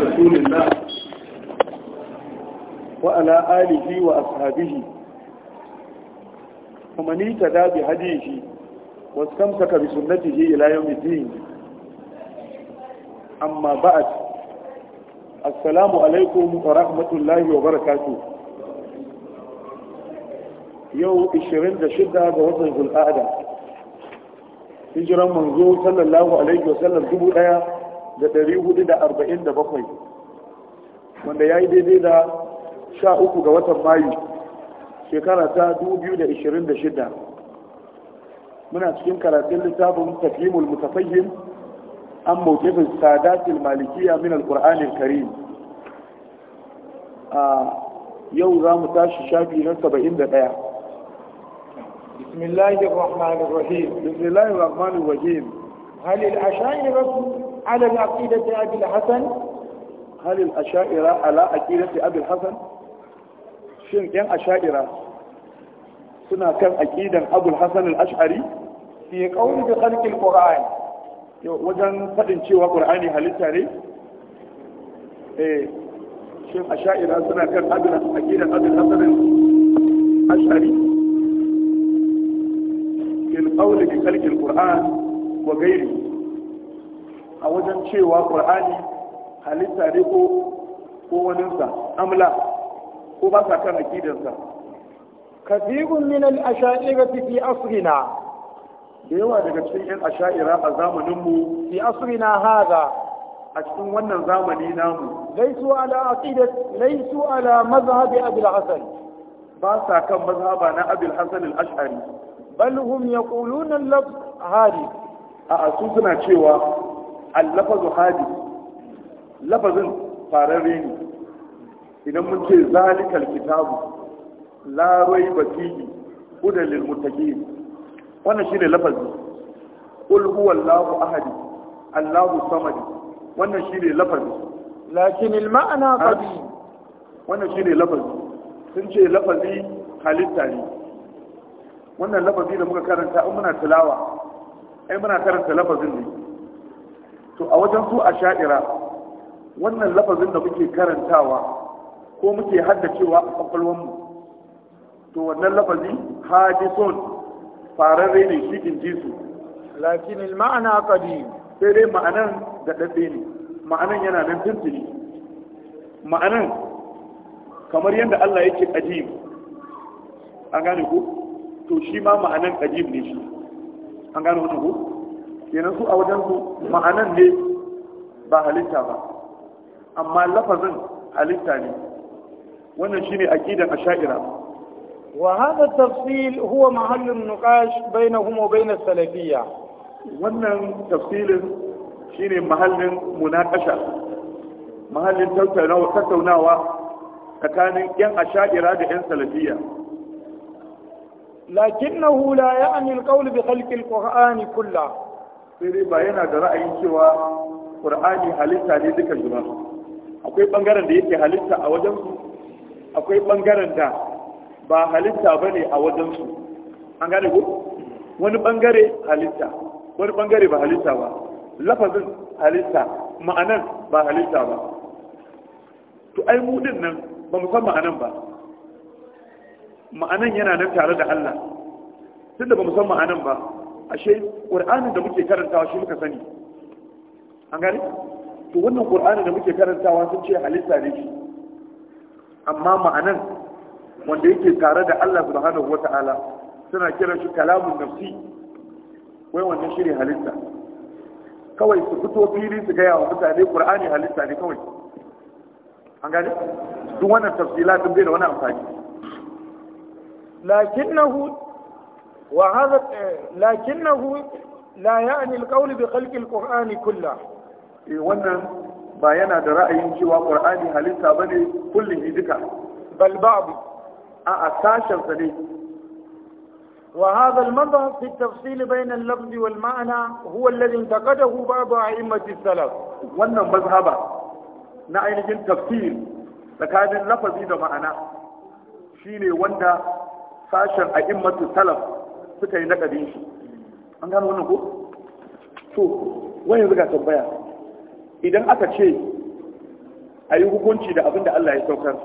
رسول الله وعلى آله وأصحابه ومن اهتدى بهديه واستمسك بسنته إلى يوم الدين أما بعد السلام عليكم ورحمة الله وبركاته يوم 26 بوضع القعدة hijiran manzo sallallahu alaihi wasallam dubu daya da ɗari hudu da arba'in da bakwai wanda ya yi daidai da sha uku ga watan mayu shekara ta dubu da ishirin da shida muna cikin karatun littafin tafimul mutafayyin an mawqifin sadatul malikiya min alkur'anin karim a yau za mu tashi shafi na saba'in da ɗaya بسم الله الرحمن الرحيم بسم الله الرحمن الرحيم هل الأشاعرة على عقيدة أبي الحسن هل الأشاعرة على عقيدة أبي الحسن شن كان أشاعرة سنة كان عقيدة أبو الحسن الأشعري في قول بخلق القرآن وجن فدن شيء قرآني هل تاري إيه شن أشاعرة سنة كان أبي أبي الحسن الأشعري في القول بخلق القرآن وغيره a wajen cewa qur'ani halitta ne ko ko waninsa amla ko ba sa kan akidarsa kathirun min al-asha'ira fi asrina da yawa daga cikin yan asha'ira a zamanin mu fi asrina hada a cikin wannan zamani namu laisu ala aqidat laisu ala mazhab abi al-hasan ba sa kan mazhaba na abi al-hasan al-ash'ari bal hum yaquluna al-lafz hadi a su suna cewa allafazu hadi lafazin fararre ne idan mun ce zalikal kitabu larai raiba fihi hudan lil muttaqin wannan shine lafazi qul huwallahu ahad allahu samad wannan ne lafazi lakin al ma'na qadi wannan ne lafazi sun ce lafazi halitta ne wannan lafazi da muka karanta in muna tilawa ai muna karanta lafazin ne to a wajen su a sha'ira wannan lafazin da muke karantawa ko muke haddacewa a kwakwalwanmu to wannan lafazi hajison fararre ne shi in ji su lakin ma'ana qadim sai dai ma'anan da dade ne ma'anan yana nan tuntuni ma'anan kamar yadda Allah yake qadim an gane ku to shi ma ma'anan qadim ne shi an gane wannan ku kenan su a wajen su ma'anan ne ba halitta ba amma lafazin halitta ne wannan shine aqidan asha'ira wa hadha at-tafsil huwa mahallu an-niqash bainahum wa bain as-salafiyya wannan tafsilin shine mahallin munakasha mahallin tattaunawa tattaunawa tsakanin yan asha'ira da yan salafiyya لكنه لا يعني القول بخلق القرآن كله sai dai ba yana da ra'ayin cewa qur'ani halitta ne duka juna akwai bangaren da yake halitta a wajen su akwai bangaren da ba halitta bane a wajen su an gane ko wani bangare halitta wani bangare ba halitta ba lafazin halitta ma'anan ba halitta ba to ai mu din nan ba mu san ma'anan ba ma'anan yana nan tare da Allah tunda ba mu san ma'anan ba ashe qur'anin da muke karantawa shi muka sani an gane to wannan qur'anin da muke karantawa sun ce halitta ne shi amma ma'anan wanda yake tare da Allah subhanahu wata'ala suna kiran shi kalamun nafsi wai wannan shi ne halitta kawai su fito fili su gaya wa mutane qur'ani halitta ne kawai an gane duk wannan tafsila bai da wani amfani lakinnahu وهذا لكنه لا يعني القول بخلق القرآن كله wannan ba yana da ra'ayin cewa ƙur'ani halitta ba ne kullum duka bal babu a a sashensa ne وهذا المذهب في التفصيل بين اللفظ والمعنى هو الذي انتقده بعض أئمة السلف wannan mazhaba na ainihin tafsir tsakanin lafazi da ma'ana shine wanda sashen a'immatu salaf suka yi nakadin shi an gano wannan ko to wani zuga tambaya idan aka ce a yi hukunci da abinda Allah ya saukar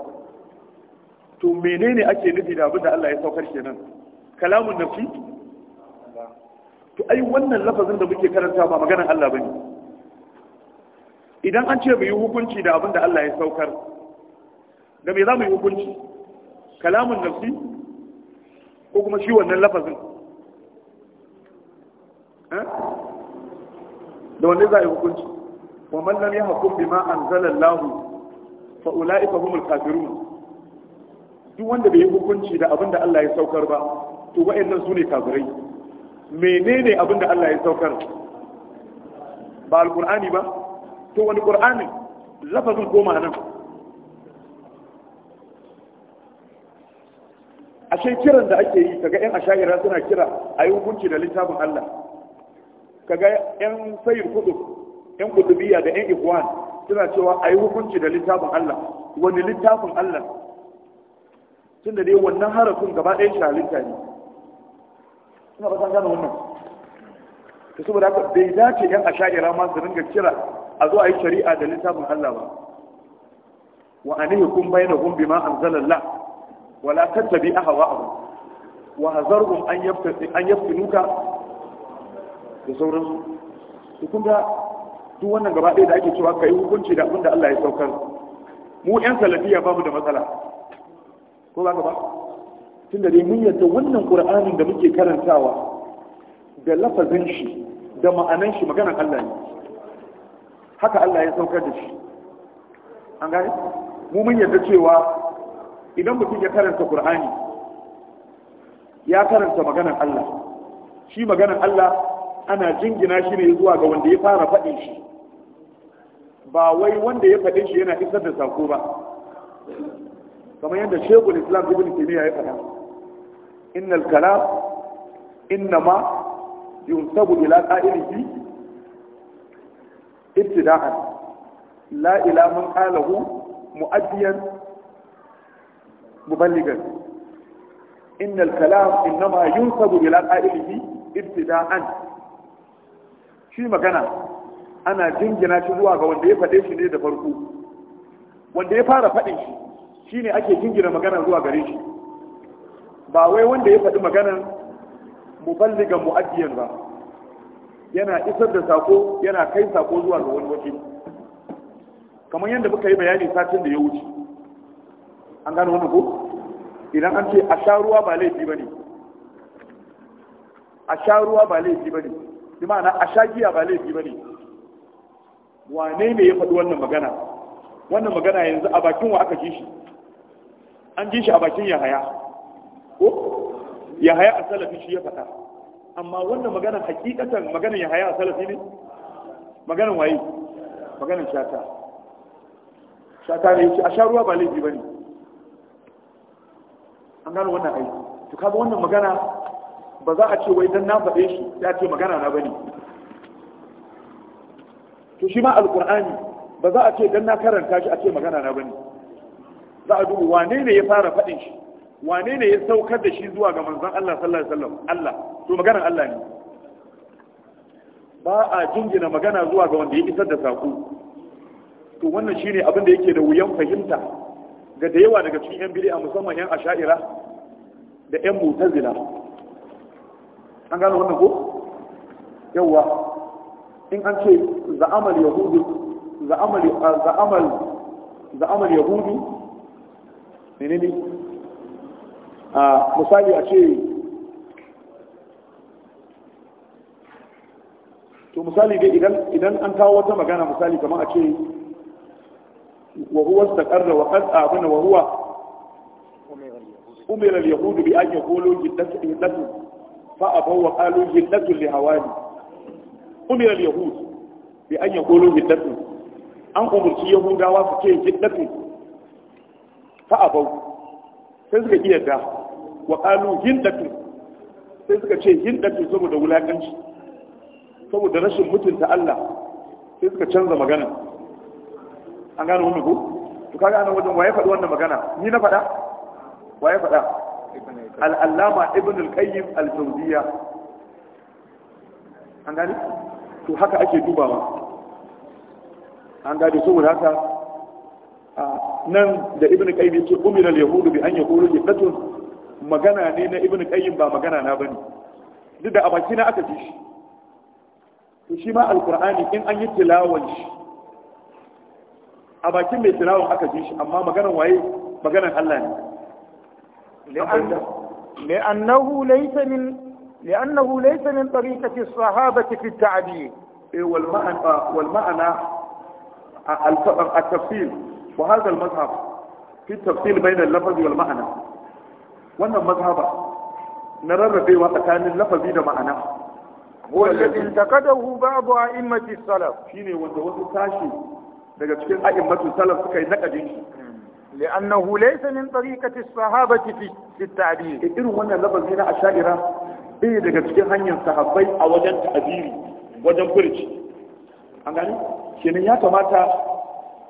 to menene ake nufi da abinda Allah ya saukar kenan kalamun nafi to ai wannan lafazin da muke karanta ba maganar Allah bane idan an ce mu yi hukunci da abinda Allah ya saukar da me za mu yi hukunci kalamun nafi ko kuma shi wannan lafazin Eh? da wanne za a yi hukunci wa ya lam yahkum bima anzala Allah fa ulaika humul kafiru duk wanda bai yi hukunci da abinda Allah ya saukar ba to nan su ne kafirai menene abinda Allah ya saukar ba alqur'ani ba to wani qur'ani lafazin koma nan? ashe kiran da ake yi kaga yan asha'ira suna kira a yi hukunci da littafin Allah kaga yan sayin kudu yan kudubiya da yan ikwan suna cewa ayi hukunci da littafin Allah wani littafin Allah tunda dai wannan harafin gaba ɗaya shalinta ne suna ba san gane wannan ta saboda haka bai dace yan asha'ira ma su ringa kira a zo a yi shari'a da littafin Allah ba wa anihi kun bayyana kun bima anzalallah wala tattabi ahwa'ahum wa hazarhum an yaftinuka da sauransu Su kun ga duk wannan gaba ɗaya da ake cewa yi hukunci da abin da Allah ya saukar mu ƴan salafiya ba mu da matsala ko za ka ba da dai mun yadda wannan ƙur'anin da muke karantawa da lafazin shi da ma'anan shi maganar Allah ne haka Allah ya saukar da shi an gane mu mun yadda cewa idan mutum ya karanta ƙur'ani ya karanta maganar Allah shi maganar Allah ana jingina shi ne zuwa ga wanda ya fara faɗin shi ba wai wanda ya faɗin shi yana isar da sako ba kamar yadda shekul islam ibn taymiya ya faɗa innal kalam innama yunsabu ila qa'ilihi ibtida'an la ila man qalahu mu'addiyan muballigan innal kalam innama yunsabu ila qa'ilihi ibtida'an shi magana ana jingina shi zuwa ga wanda ya faɗe shi ne da farko wanda ya fara faɗin shi shi ne ake jingina magana zuwa gare shi ba wai wanda ya faɗi maganan muballigan mu'addiyan ba yana isar da sako yana kai sako zuwa ga wani waje kamar yadda muka yi bayani satin da ya wuce an gano wani ko idan an ce a sha ruwa ba laifi ba ne a sha ruwa ba laifi ba ne bi ma'ana a shagiya ba laifi ba ne wane ne ya faɗi wannan magana wannan magana yanzu a bakin wa aka ji shi an ji shi a bakin yahaya ko yahaya a salafi shi ya faɗa amma wannan magana hakikatan maganar yahaya a salafi ne maganar waye maganar shata shata ne yace a sha ruwa ba laifi ne an gano wannan aiki to kaga wannan magana ba za a ce wai dan na faɗe shi ya ce magana na bane to shi ma alqur'ani ba za a ce dan na karanta shi a ce magana na bane za a duba wane ne ya fara faɗin shi wane ne ya saukar da shi zuwa ga manzon Allah sallallahu alaihi wasallam Allah to maganar Allah ne ba a jingina magana zuwa ga wanda ya isar da saƙo to wannan shine abin da yake da wuyan fahimta ga da yawa daga cikin yan bid'a musamman yan asha'ira da yan mutazila an gano wannan ko yawwa in an ce za'amal yahudu za'amal ah, za'amal za'amal yahudu menene a ah, misali a ce to misali dai idan idan an kawo wata magana misali kamar a ce wa huwa istaqarra wa qad abana wa huwa umira al-yahud bi an yaqulu jiddatu fa abaw wa qalu hillatu li hawani umira al yahud bi an yaqulu hillatu an umurci yahudawa su ce hillatu fa abaw sai suka iya da wa qalu hillatu sai suka ce hillatu saboda wulakanci saboda rashin mutunta Allah sai suka canza magana an gano wannan ko to kaga anan wajen waye faɗi wannan magana ni na faɗa waye faɗa al'allama ibn al-qayyim al-jawziya an gani to haka ake dubawa an gani saboda haka nan da ibn qayyim yace umira al-yahud bi an yaqulu jibatun magana ne na ibn qayyim ba magana na bane duk da abaki na aka ji shi to shi ma alqur'ani in an yi tilawan shi a bakin mai tilawan aka ji shi amma maganan waye maganan Allah ne لأنه, لأنه ليس من لأنه ليس من طريقة الصحابة في التعبير إيه، والمعنى والمعنى التفصيل وهذا المذهب في التفصيل بين اللفظ والمعنى وأن المذهب نرى في وقتان اللفظ معنى هو الذي انتقده بعض أئمة السلف شيني وانت وانت تاشي daga cikin a'immatul salaf suka لأنه ليس من طريقة الصحابة في التعبير إذن هنا لفظ هنا أشائرة إيه دقا تكين هنيا صحابي أوجن تعبيري وجن برج أنغاني kenan ya kamata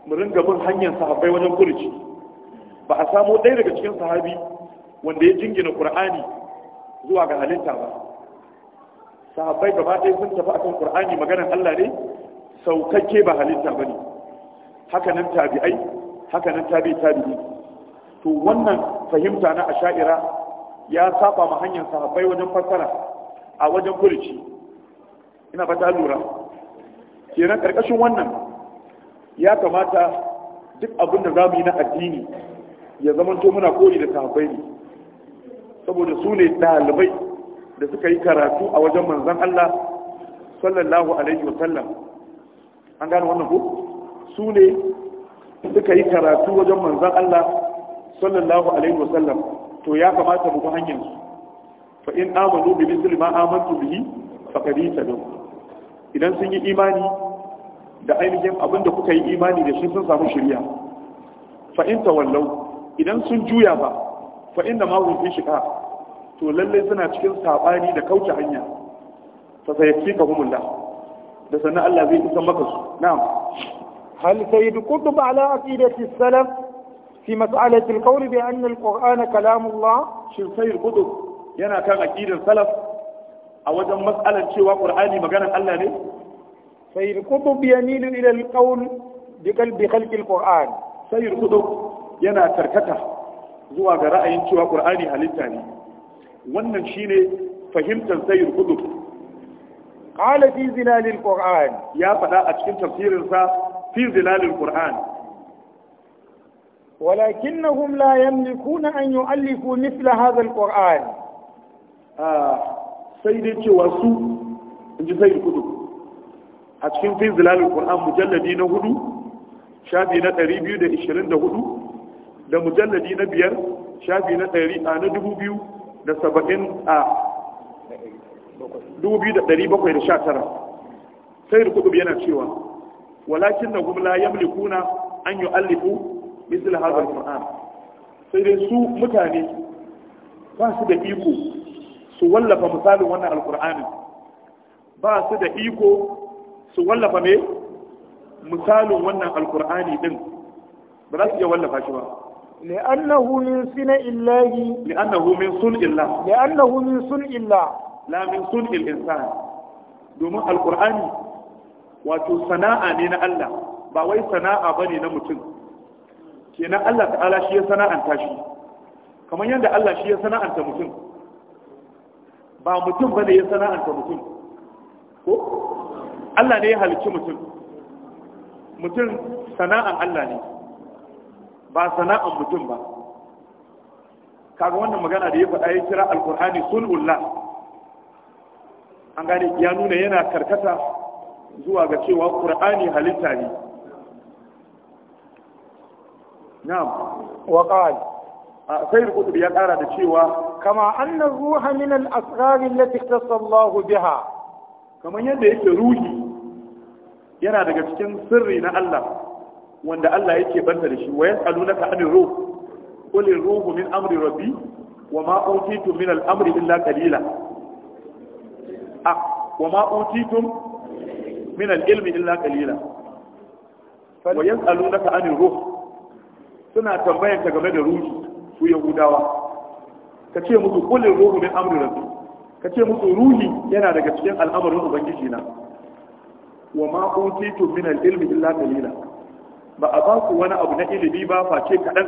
mu ringa bin hanyar sahabbai wajen kurici ba a samo ɗaya daga cikin sahabi wanda ya jingina qur'ani zuwa ga halitta ba sahabbai gaba ɗaya sun tafi a kan qur'ani maganar Allah ne saukakke ba halitta bane haka nan tabi'ai haka nan tabi tabi'i to wannan fahimta na asha'ira ya saba ma hanyar sahabbai wajen fassara a wajen kurici ina fata lura kenan karkashin wannan ya kamata duk abin da za mu yi na addini ya zama to muna koyi da sahabbai ne saboda su ne dalibai da suka yi karatu a wajen manzan Allah sallallahu alaihi wasallam an gane wannan ko su ne suka yi karatu wajen manzan Allah sallallahu alaihi wasallam to ya kamata mu hanyar su fa in amanu bi misli ma amantu bihi faqad ihtadu idan sun yi imani da ainihin abin da kuka yi imani da shi sun samu shari'a fa in tawallau idan sun juya ba fa inna ma hum fi to lalle suna cikin sabani da kauce hanya fa sayfika humullah da sannan Allah zai kusan maka su na'am هل سيد قطب على عقيدة السلف في مسألة القول بأن القرآن كلام الله شيخ سيد قطب ينا كان عقيدة السلف أو جم مسألة شيء قرآني مجانا الله ليه سيد قطب يميل إلى القول بقلب خلق القرآن سيد قطب ينا تركته zuwa ga ra'ayin cewa ƙur'ani halitta ne wannan shine fahimtar sayyid qutb qala fi zilalil qur'an ya faɗa a cikin tafsirinsa fi zilalil qur'an na la yamlikuna an yu'allifu mithla hadha alquran sai dai cewa su inji sai kudu a cikin fi zilalil qur'an mujalladi na hudu shafi na 224 da mujalladi na biyar shafi na 100 a na 2000 da 70 a 2719 sai da kudu yana cewa walakin da gumla ya mulkuna an yi allifu misal hazar qur'an sai dai su mutane ba su da iko su wallafa misalin wannan alqur'anin ba su da iko su wallafa mai misalin wannan alqur'ani din ba za su iya wallafa shi ba لأنه من صنع الله لأنه من صنع الله لأنه من صنع الله لا من صنع الإنسان دوما القرآن wato sana'a ne na Allah ba wai sana'a bane na mutum kenan Allah ta'ala shi ya sana'anta shi kamar yadda Allah shi ya sana'anta mutum ba mutum bane ya sana'anta mutum ko Allah ne ya halicci mutum mutum sana'an Allah ne ba sana'an mutum ba kaga wannan magana da ya faɗa ya kira alkur'ani sunullah an gane ya nuna yana karkata zuwa ga cewa qur'ani halitta ne na'am wa qala sai rukutu ya ƙara da cewa kama anna ruha min al-asrar allati tasallahu biha kaman yadda yake ruhi yana daga cikin sirri na Allah wanda Allah yake banta da shi wa yas'alunaka anir ruh qul ruhu min amri rabbi wa ma utitum min al-amri illa qalila ah wa ma utitum min al-ilmi illa qalila wa yas'alunaka 'anil ruh suna tambayan ka game da ruhi su yahudawa ka ce musu qul ruhu min amri rabbi ka ce musu ruhi yana daga cikin al'amarin ubangiji na wa ma utitu ilmi illa ba a ba ku wani abu na ilimi ba face kaɗan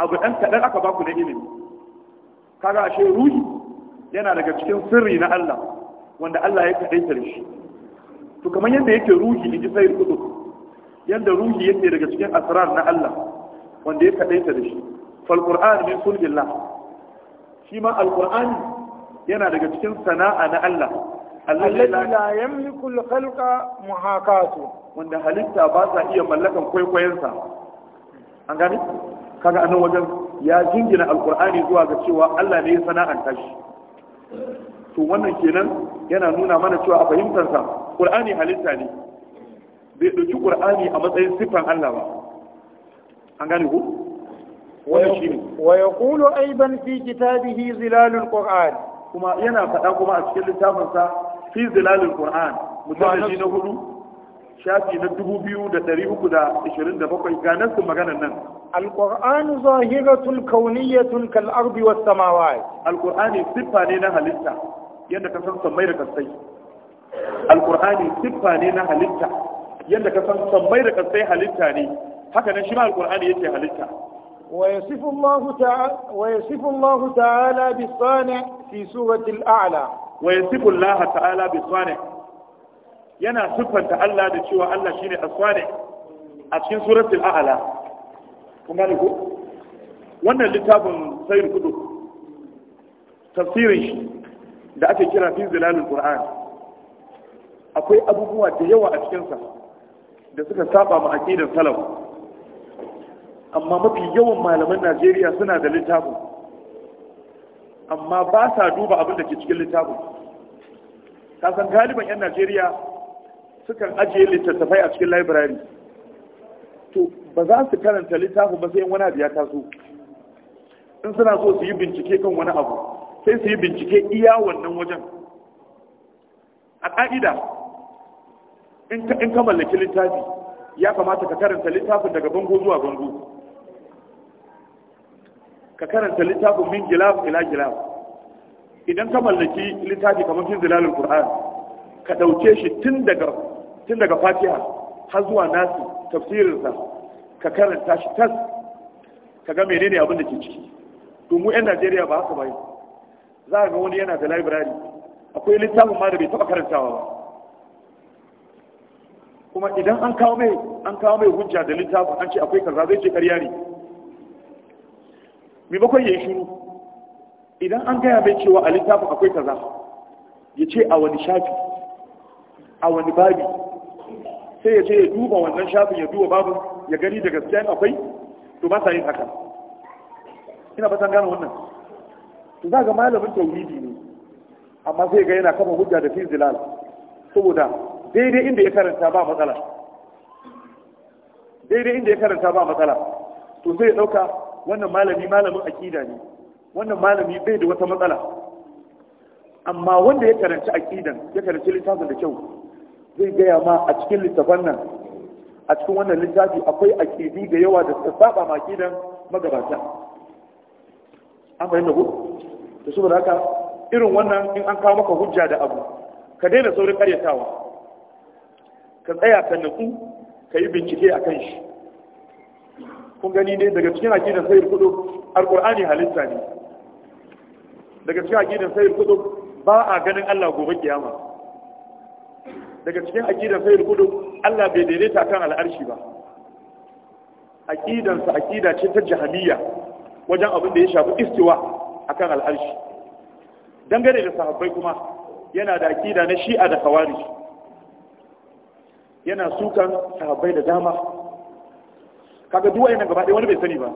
abu ɗan kaɗan aka ba ku na ilimi kaga ashe ruhi yana daga cikin sirri na Allah wanda Allah ya kaɗaita da shi to kamar yadda yake ruhi in ji sayar kudu yadda ruhi yake daga cikin asrar na Allah wanda ya kadaita da shi falƙur'an min sulbillah shi ma alƙur'ani yana daga cikin sana'a na Allah الذي لا يملك الخلق محاكاته wanda halitta ba sa iya mallakan kwaikwayensa an gani kaga anan wajen ya jingina alkur'ani zuwa ga cewa Allah ne ya sana'anta shi to wannan kenan yana nuna mana cewa a fahimtarsa qur'ani halitta ne bai ɗauki qur'ani a matsayin siffan Allah ba an gane ku wannan shine wa yaqulu aiban fi kitabihi zilalin qur'an kuma yana faɗa kuma a cikin littafinsa fi zilalin zilalul qur'an shi na hudu shafi na dubu biyu da ɗari uku da ishirin da bakwai Ganar nassin maganar nan. Alƙur'anu zahiratun kauniyatun kal'arbi was samawat. Alƙur'ani siffa ne na halitta yadda ka san sammai da kasai. alkur'ani siffa ne na halitta yadda ka san sammai da kasai halitta ne haka nan shi ma alkur'ani yake halitta ويصف الله تعالى ويصف الله تعالى بالصانع في سورة الأعلى ويصف الله تعالى بالصانع ينا صفة الله دشوا الله شيني الصانع أتشين سورة الأعلى كما نقول وانا لتاب سير كتب تفسير da ake kira fi zilalul qur'an akwai abubuwa da yawa a cikinsa da suka saba ma aƙidar salaf amma mafi yawan malaman Najeriya suna da littafin amma ba sa duba abin da ke cikin littafin kasan galiban 'yan Najeriya sukan ajiye littattafai a cikin library to ba za su karanta littafin ba sai wani abu ya taso in suna so su yi bincike kan wani abu sai su yi bincike iya wannan wajen a ƙa'ida in ka mallaki littafi ya kamata ka karanta littafin daga bango zuwa bango ka karanta littafin min gilaf ila gilaf idan ka mallaki littafi kamar fi zilalin qur'an ka dauke shi tun daga tun daga fatiha har zuwa nasi tafsirinsa ka karanta shi tas ka ga menene abin da ke ciki to mu yan Najeriya ba haka ba za ga wani yana da library akwai littafin ma da bai taba karantawa ba kuma idan an kawo mai an kawo mai hujja da littafin an ce akwai kaza zai ce ƙarya ne mai bakwai ya yi shiru idan an gaya mai cewa a littafin akwai kaza ya ce a wani shafi a wani babi sai ya ce ya duba wannan shafin ya duba babu ya gani da gaskiya akwai to ba yin haka ina fatan gane wannan to za ga malamin tauhidi ne amma sai ga yana kama hujja da fi zilal saboda daidai inda ya karanta ba matsala daidai inda ya karanta ba matsala to sai ya dauka wannan malami malamin akida ne wannan malami bai da wata matsala amma wanda ya karanci akidan ya karanci littafin da kyau zai gaya ma a cikin littafan nan a cikin wannan littafi akwai akidi da yawa da suka saba ma akidan magabata amma fahimta ku da saboda haka irin wannan in an kawo maka hujja da abu ka daina saurin karyatawa ka tsaya ka nutsu ka yi bincike a kan shi kun gani ne daga cikin aƙidar sayar kudu alƙur'ani halitta ne daga cikin aƙidar sayar kudu ba a ganin allah gobe kiyama daga cikin aƙidar sayar kudu allah bai daidaita kan al'arshi ba aƙidansa aƙida ce ta jahiliya wajen abin da ya shafi istiwa akan al'arshi dangane da sahabbai kuma yana da aƙida na shi'a da khawarij yana sukan sahabbai da dama kaga duwaye na gaba ɗaya wani bai sani ba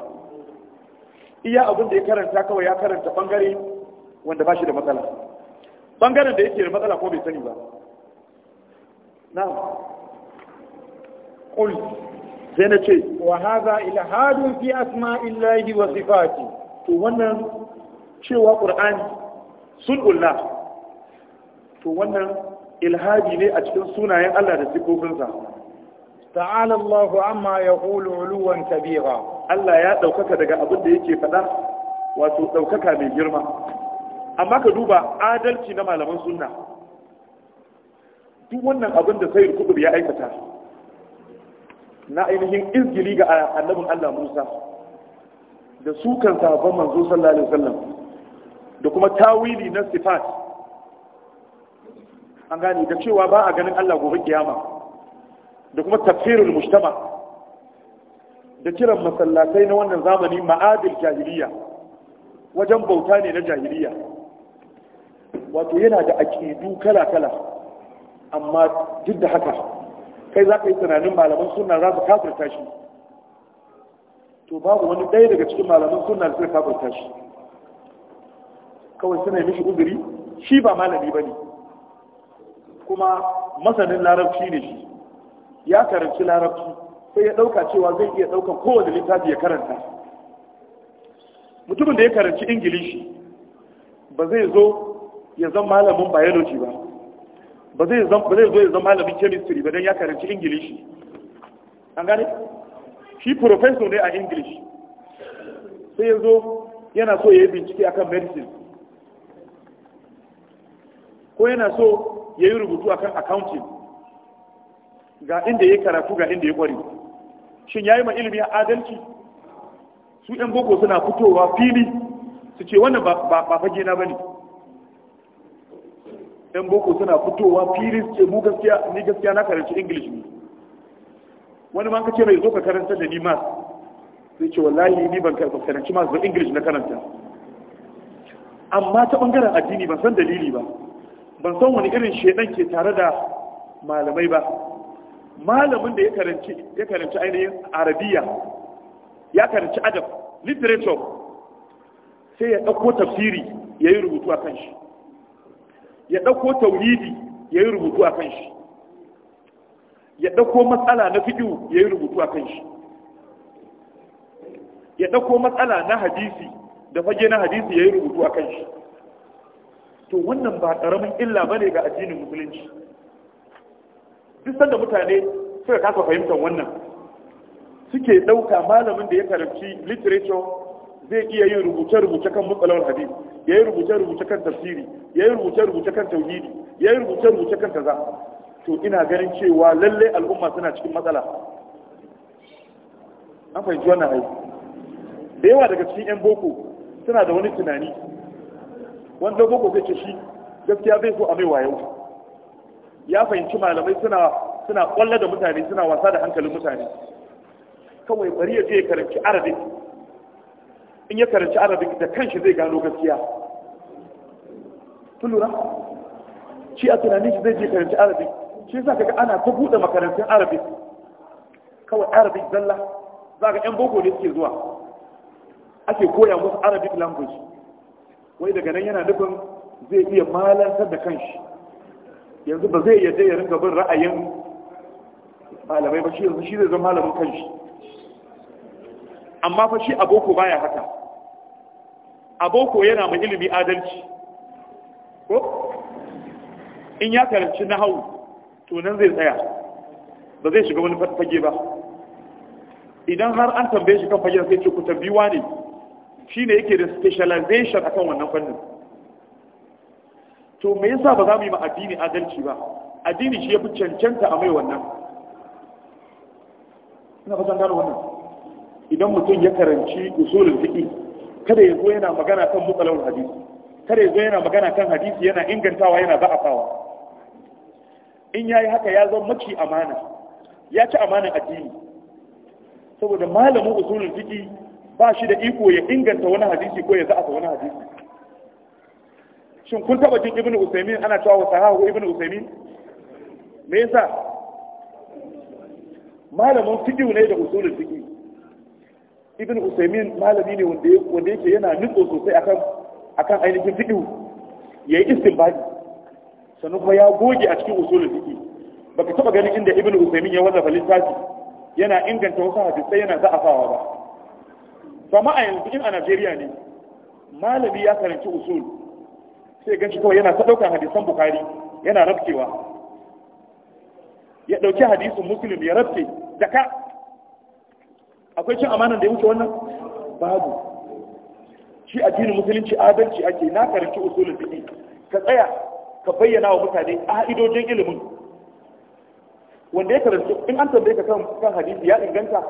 iya abin da ya karanta kawai ya karanta bangare wanda ba shi da matsala bangaren da yake da matsala ko bai sani ba na ƙul sai na ce wa haza ilhadun fi asma'illahi wa sifati to wannan cewa qur'ani sunullah to wannan ilhadi ne a cikin sunayen Allah da sifofinsa ta'ala Allahu amma ƙulu uluwan kabira Allah ya ɗaukaka daga abin da yake faɗa wato ɗaukaka mai girma amma ka duba adalci na malaman sunna duk wannan abin da sai kubur ya aikata na ainihin izgili ga annabin Allah Musa da sukan sahabban manzo sallallahu alaihi wasallam da kuma tawili na sifat an gani da cewa ba a ganin Allah gobe kiyama da kuma tafsirul mujtama da kiran masallatai na wannan zamani ma'adil jahiliya wajen bauta ne na jahiliya wato yana da aƙidu kala-kala amma duk da haka kai za ka yi tunanin malaman suna za su kafirta shi to babu wani ɗaya daga cikin malaman suna da suka kafirta shi kawai suna yi mishi uzuri shi ba malami bane kuma masanin larabci ne shi ya karanci larabci sai ya ɗauka cewa zai iya ɗaukan kowane littafi ya karanta mutumin da ya karanci ingilishi ba zai zo ya zan malamin biology ba ba zai zo ya zan malamin chemistry ba don ya karanci ingilishi an gane shi professor ne a english sai ya zo yana so ya yi bincike akan medicine ko yana so ya yi rubutu a kan accounting ga inda ya karatu ga inda ya kware shin ya yi ma ilimi adalci su 'yan boko suna fitowa fili su ce wannan ba fage na ba ne yan boko suna fitowa fili su ce mu gaskiya ni gaskiya na karanci english ne wani ma ce mai zo ka karanta da ni ma sai ce wallahi ni ban karanci ma ba english na karanta amma ta bangaren addini ban san dalili ba ban san wani irin shedan ke tare da malamai ba malamin da ya karanci ainihin arabiya ya karanci adab literature sai ya ɗauko tafsiri ya yi rubutu a kan shi ya ɗauko tauridi ya yi rubutu a kan shi ya ɗauko matsala na fiɗi ya yi rubutu a kan shi ya ɗauko matsala na hadisi da fage na hadisi ya yi rubutu a kan shi to wannan ba ƙaramin illa bane ga addinin musulunci duk sanda mutane suka kasa fahimtar wannan suke ɗauka malamin da ya karanci literature zai iya yin rubuce-rubuce kan matsalar hadis ya yi rubuce-rubuce kan tafsiri ya yi rubuce-rubuce kan tauhidi ya yi rubuce-rubuce kan kaza to ina ganin cewa lallai al'umma suna cikin matsala an fahimci wannan aiki da yawa daga cikin 'yan boko suna da wani tunani wanda dogon gobe ce shi gaskiya zai so a mai wayo ya fahimci malamai suna suna kwallo da mutane suna wasa da hankalin mutane kawai bari ya je ya karanci arabic in ya karanci arabic da kanshi zai gano gaskiya kun lura shi a tunanin shi zai je karanci arabic shi yasa kaga ana ta buɗe makarantun arabic kawai arabic zalla za ka yan boko ne suke zuwa ake koya musu arabic language wai daga nan yana nufin zai iya malantar da kanshi yanzu ba zai yadda ya rinka bin ra'ayin malamai ba shi yanzu shi zai zama malamin kanshi amma fa shi aboko baya haka aboko yana mai ilimi adalci ko in ya karanci na hau to nan zai tsaya ba zai shiga wani fage ba idan har an tambaye shi kan fage sai ce ku tambiwa ne Shi ne yake da specialization akan wannan fannin to me yasa ba za mu yi ma addini adalci ba addini shi ya fi cancanta a mai wannan ina fatan gano wannan idan mutum ya karanci usulul fiqh kada ya zo yana magana kan mutsalawar hadisi kada ya zo yana magana kan hadisi yana ingantawa yana ba'afawa in yayi haka ya zama maki amana ya ci amanan addini saboda malamin usulul fiqh ba shi da iko ya inganta wani hadisi ko ya za'a wani hadisi shin kun taba jin ibnu usaymin ana cewa wa sahahu ibnu usaymin me yasa malamin fiqh ne da usulul fiqh ibnu usaymin malami ne wanda wanda yake yana nutso sosai akan akan ainihin fiqh yayi istinbadi sannan kuma ya goge a cikin usulul fiqh baka taba ganin inda ibnu usaymin ya wallafa littafi yana inganta wasu hadisai yana za'afawa ba ba ma a yanzu in a Najeriya ne malami ya karanci usul sai ganci kawai yana ta ɗaukar hadisan Bukhari yana rabcewa ya ɗauki hadisun musulun ya rabce da ka akwai cin amanan da ya wuce wannan babu shi addinin musulunci adalci ake na karanci usulun fiqh ka tsaya ka bayyana wa mutane ƙa'idojin ilimin wanda ya karanci in an tambaye ka kan hadisi ya inganta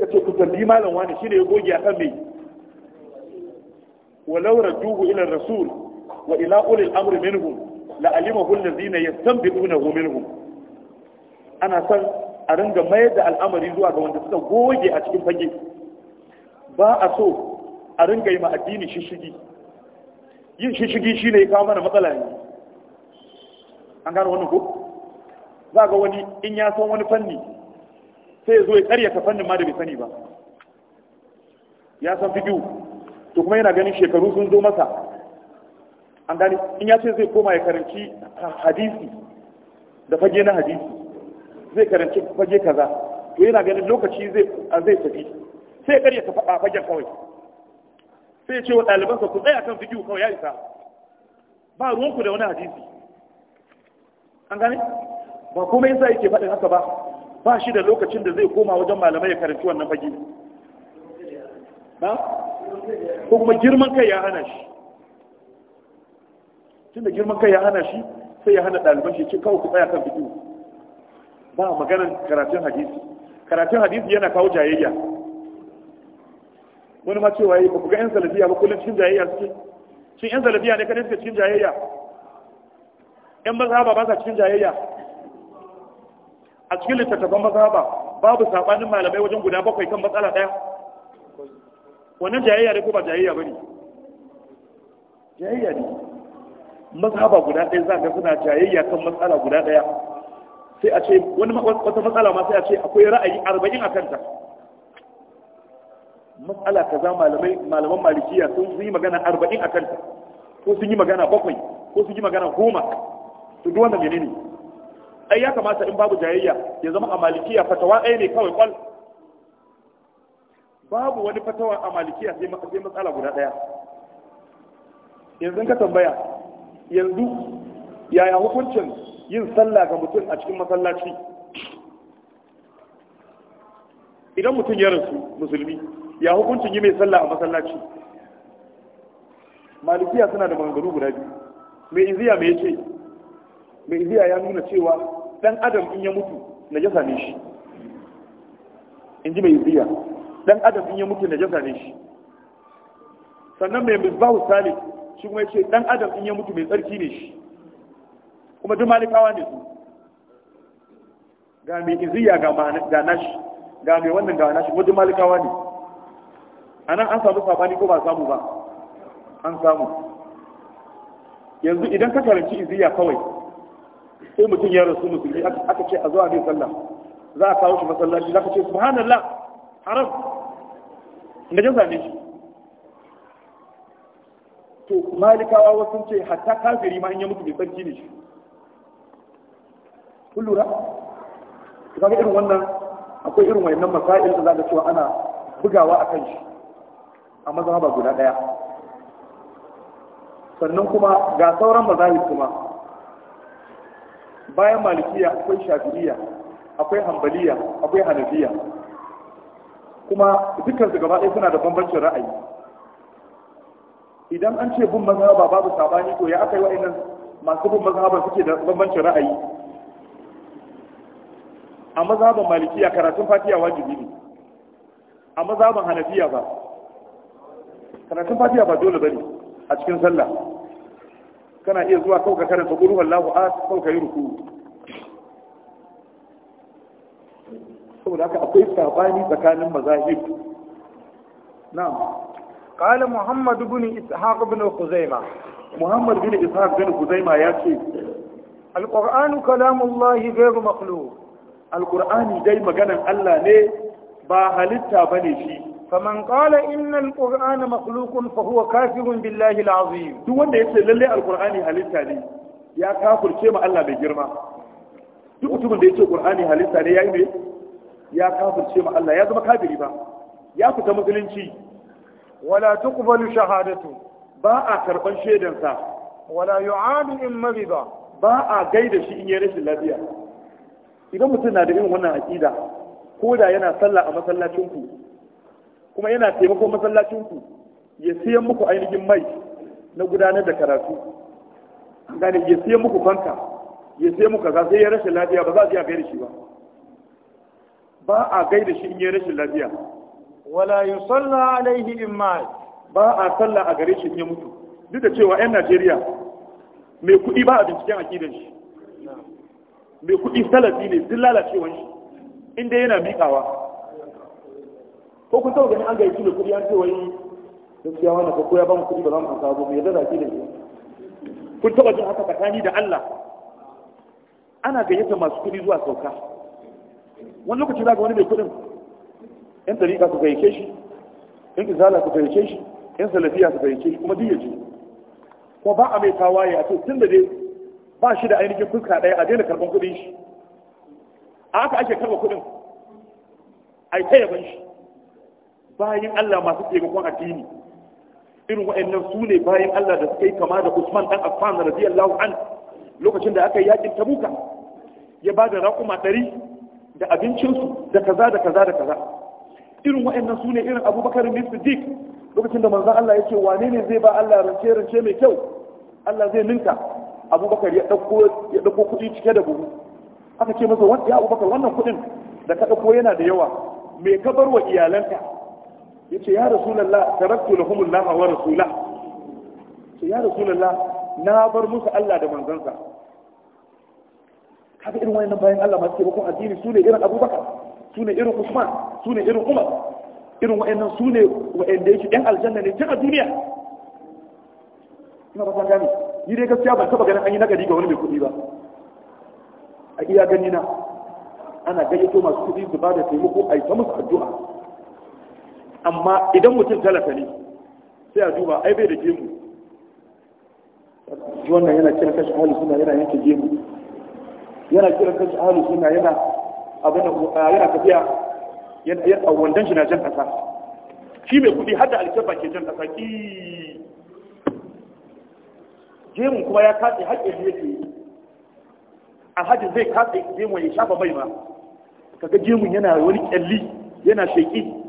suka ce kusan tambayi malam wani shine ya goge akan mai walau radduhu ila rasul wa ila ulil amri minhum la alimahu allazina yastanbidunahu minhum ana san a ringa mayar da al'amari zuwa ga wanda suka goge a cikin fage ba a so a ringa yi ma addini shishigi yin shishigi shine ya kawo mana matsala ne. an gano wannan ko za ga wani in ya san wani fanni sai ya zo ya ta fannin ma da bai sani ba ya san biyu to kuma yana ganin shekaru sun zo masa an gani in ya ce zai koma ya karanci hadisi da fage na hadisi zai karanci fage kaza to yana ganin lokaci zai tafi sai ya faɗa fage kawai sai ce wa ɗalibansa ku tsaya kan fikiyu kawai ya isa ba ruwanku da wani hadisi an gani. ba komai yasa yake faɗin haka ba ba shi da lokacin da zai koma wajen malamai ya karanci wannan fage ko kuma girman kai ya hana shi tunda girman kai ya hana shi sai ya hana ɗaliban shi ce kawo ku tsaya kan fito ba maganar karatun hadisi karatun hadisi yana kawo jayayya wani ma cewa yi ba ku ga 'yan salafiya ba kullum cikin jayayya suke cikin 'yan salafiya ne kadai suke cikin jayayya 'yan mazhaba ba sa cikin jayayya a cikin littattafan mazhaba babu sabanin malamai wajen guda bakwai kan matsala daya wannan jayayya ne ko ba jayayya bane jayayya ne mazhaba guda ɗaya za ka suna jayayya kan matsala guda ɗaya sai a ce wani wata matsala ma sai a ce akwai ra'ayi arba'in a kanta matsala kaza malamai malaman malikiya sun yi magana arba'in a kanta ko sun yi magana bakwai ko sun yi magana goma Su duwanda menene ne ai ya kamata in babu jayayya ya zama a malikiya fatawa ɗaya ne kawai kwal babu wani fatawa a malikiya sai matsala guda ɗaya yanzu ka tambaya yanzu yaya hukuncin yin sallah ga mutum a cikin masallaci idan mutum ya rasu musulmi ya hukuncin yi mai sallah a masallaci malikiya suna da maganganu guda biyu mai iziya mai ce mai iziya ya nuna cewa dan adam in ya mutu na jasa ne shi in ji mai iziya dan adam in ya mutu na jasa ne shi sannan mai misbahu salih shi kuma ce dan adam in ya mutu mai tsarki ne shi kuma duk malikawa ne su ga mai iziya ga nashi ga mai wannan ga nashi wajen malikawa ne a nan an samu sabani ko ba samu ba an samu yanzu idan ka karanci iziya kawai ko mutum ya rasu musulmi aka ce a zuwa ne sallah za a kawo shi masallaci za ka ce subhanallah haram da jan same shi to malikawa wasu ce hatta kafiri ma in yi mutu mai sarki ne shi kun lura ka kaga irin wannan akwai irin wayannan masail da za ka cewa ana bugawa a kan shi amma zama ba guda daya sannan kuma ga sauran mazahib kuma bayan malikiya akwai shafiriya akwai hambaliya akwai hanabiya kuma dukkan su gaba ɗaya suna da bambancin ra'ayi idan an ce bin mazhaba babu sabani to ya aka yi wa'annan masu bin mazhaban suke da bambancin ra'ayi a mazhaban malikiya karatun fatiya wajibi ne a mazhaban hanabiya ba karatun fatiya ba dole bane a cikin sallah kana iya zuwa kawai ka karanta qul huwallahu ahad kawai ka yi ruku saboda haka akwai sabani tsakanin mazahib na'am qala muhammad ibn ishaq ibn khuzaimah muhammad bin ishaq bin kuzaima ya ce alƙur'anu kalamullahi gairu makhluq alƙur'ani dai maganan Allah ne ba halitta bane shi faman qala innan alqur'ana makhluqun fa huwa kafirun billahi alazim duk wanda yace lalle alqur'ani halitta ne ya kafirce ma Allah mai girma duk mutumin da yace qur'ani halitta ne yayi ne ya kafirce ma Allah ya zama kafiri ba ya fita musulunci wala tuqbalu shahadatu ba a karban shaidansa wala yu'adu in mariba ba a gaida shi in yi rashin lafiya idan mutum na da irin wannan aƙida ko da yana sallah a masallacinku kuma yana taimakon masallacinku ya siyan muku ainihin mai na gudanar da karatu gane ya siyan muku fanka ya siyan muku kaza sai ya rashin lafiya ba za a je a gaida shi ba ba a gaida shi in ya rashin lafiya wala yusalla alaihi in ma ba a salla a gare shi in ya mutu duk da cewa yan Najeriya mai kuɗi ba a binciken akidan shi mai kuɗi salafi ne duk lalacewan shi inda yana miƙawa ko kun taɓa ganin an gaisu da kuɗi an ce wani gaskiya wani ko ko ya ba mu kuɗi ba za mu amsa ba me zan zaki da shi kun taɓa jin haka tsakani da Allah ana gayyata masu kuɗi zuwa sauka wani lokaci za ga wani mai kuɗin yan tariƙa su gayyace shi yan izala su gayyace shi yan salafiya su gayyace shi kuma duk ya je ko ba a mai tawaye a ce tun da dai ba shi da ainihin fuska ɗaya a daina karɓar kuɗin shi a haka ake karɓar kuɗin a yi ta yaban shi bayan Allah masu taimakon addini irin wa'annan su ne bayan Allah da suka yi kama da Usman dan Affan radiyallahu an lokacin da aka yi yakin Tabuka ya ba da raƙuma ɗari da abincinsu da kaza da kaza da kaza irin wa'annan su ne irin Abubakar bin Siddiq lokacin da manzon Allah ya ce wane ne zai ba Allah rance rance mai kyau Allah zai ninka Abubakar ya ɗauko ya kuɗi cike da buhu aka ce masa ya Abubakar wannan kuɗin da ka ɗauko yana da yawa me ka bar wa iyalanka yace ya rasulullah taraktu lahum Allah wa rasulah ce ya rasulullah na bar musu Allah da manzansa kaga irin wayannan bayan Allah ma suke ko addini su ne irin Abubakar su ne irin Usman su ne irin Umar irin wayannan su ne wayanda yake ɗan aljanna ne tun a duniya ina ba ta gane ni dai gaskiya ban taba ganin an yi nagari ga wani mai kuɗi ba a iya ganina ana gayyato masu kuɗi su ba da taimako a yi ta musu addu'a amma idan mutum talaka ne sai a duba ai bai da gemu wannan yana kira kashi ahalu suna yana yanke gemu yana kira kashi ahalu suna yana abin yana tafiya yana wandan shi na jan kasa shi mai kudi har da ke jan kasa ki gemun kuma ya katse haƙƙin ne ke alhaji zai katse gemu ya shafa mai ma kaga gemun yana wani kyalli yana sheƙi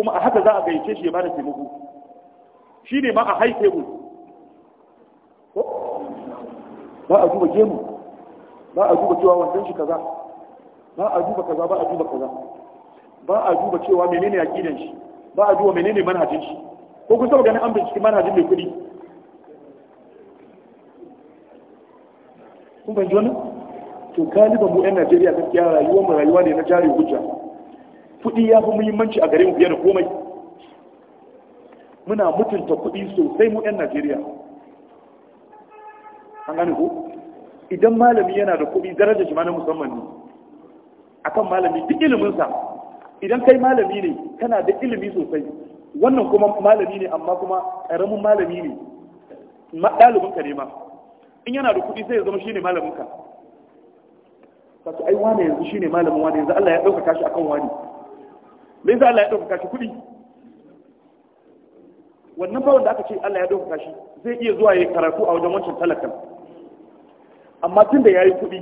kuma a haka za a gaice shi ya bada taimako shi ne ma a haife mu. ba a duba gemu ba a duba cewa wancan shi kaza ba a duba kaza ba a duba kaza ba a duba cewa menene gidan shi ba a duba menene manhajin shi ko kun saba ganin an binciki manhajin mai kuɗi kun fahimci wannan to galiban mu 'yan Najeriya gaskiya rayuwar mu rayuwa ne na jari hujja kuɗi ya fi muhimmanci a gare mu fiye da komai muna mutunta kuɗi sosai mu 'yan najeriya an gani ko idan malami yana da kuɗi daraja shi ma na musamman ne akan malami duk iliminsa idan kai malami ne kana da ilimi sosai wannan kuma malami ne amma kuma ƙaramin malami ne ɗalibinka ne ma in yana da kuɗi sai ya zama shi ne malaminka sasu ai wane yanzu shi ne malamin wane yanzu Allah ya ɗaukaka shi akan wani me yasa Allah ya ɗaukaka shi kuɗi wannan bawon da aka ce Allah ya ɗaukaka shi zai iya zuwa ya karatu a wajen wancan talakan amma tun da ya yi kuɗi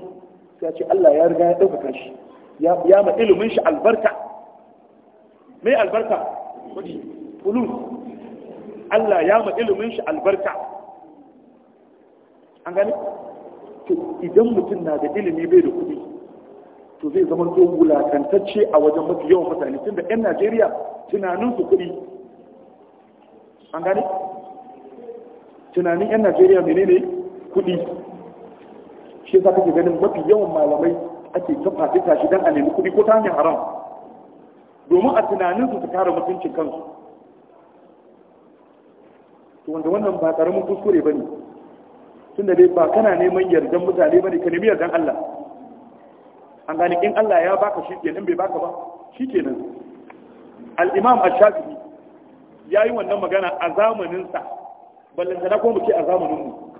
sai ce Allah ya riga ya ɗaukaka shi ya ma ilimin shi albarka me albarka kudi fulus Allah ya ma ilimin shi albarka an gani to idan mutum na da ilimi bai da kuɗi to zai zama to wulakantacce a wajen mafi yawan mutane tunda yan najeriya tunanin su kuɗi an gane tunanin yan najeriya ne kuɗi shi sa kake ganin mafi yawan malamai ake ta tashi dan a nemi kuɗi ko ta hanyar haram domin a tunanin su ta kare mutuncin kansu to wanda wannan ba karamin kuskure ba ne, tunda dai ba kana neman yardan mutane ba ne ka nemi yardan Allah an in Allah ya baka shi kenan bai baka ba shi kenan al-imam ash-shafi'i yayi wannan magana a zamanin sa ballantana ko muke a zamanin mu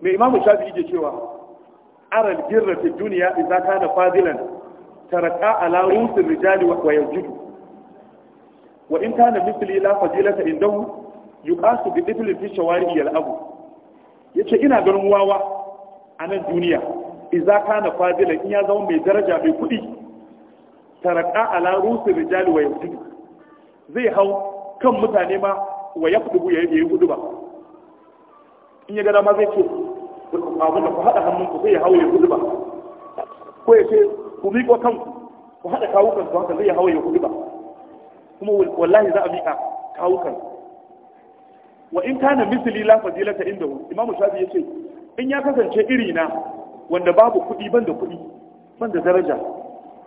mai imam ash-shafi'i ke cewa aral birra fi dunya idza kana fadilan taraka ala rusul rijali wa yajidu wa in kana mithli la fadilata indahu yuqasu bi difli fi shawari al-abu yace ina ganin wawa a nan duniya Iza kana fadila in ya zama mai daraja mai kudi taraka ala rusul rijal wa yafdu zai hau kan mutane ma wa yafdu ya yi hudu ba in ya gada ma zai ce abin da ku haɗa hannun ku sai ya hau ya hudu ba ko ya ce ku miƙo kan ku haɗa kawukan ku haka zai ya hau ya hudu ba kuma wallahi za a miƙa kawukan wa in kana misali la fadilata indahu imamu shafi yace in ya kasance iri na wanda babu kuɗi ban da kuɗi ban da daraja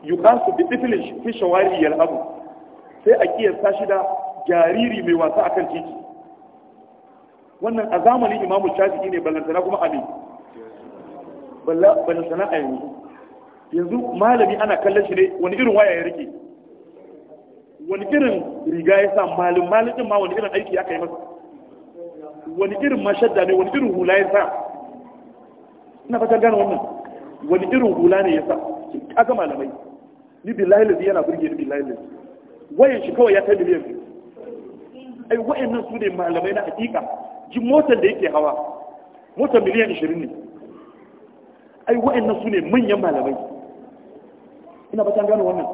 yuqasu bi tiflin fi shawari yalhabu sai a kiyasta shi da jariri mai wasa akan titi wannan a zamanin imamu shafi'i ne ballantana kuma amin ballantana a yanzu yanzu malami ana kallon shi ne wani irin waya ya rike wani irin riga ya sa malin malin ma wani irin aiki aka yi masa wani irin mashadda ne wani irin hula ya sa ina fata gane wannan wani irin hula ne ya sa kaga malamai ni billahi lazi yana burge ni billahi lazi wayan shi kawai ya kai miliyan biyu ai nan su ne malamai na hakika ji motar da yake hawa motar miliyan 20 ne ai nan su ne manyan malamai ina fata gane wannan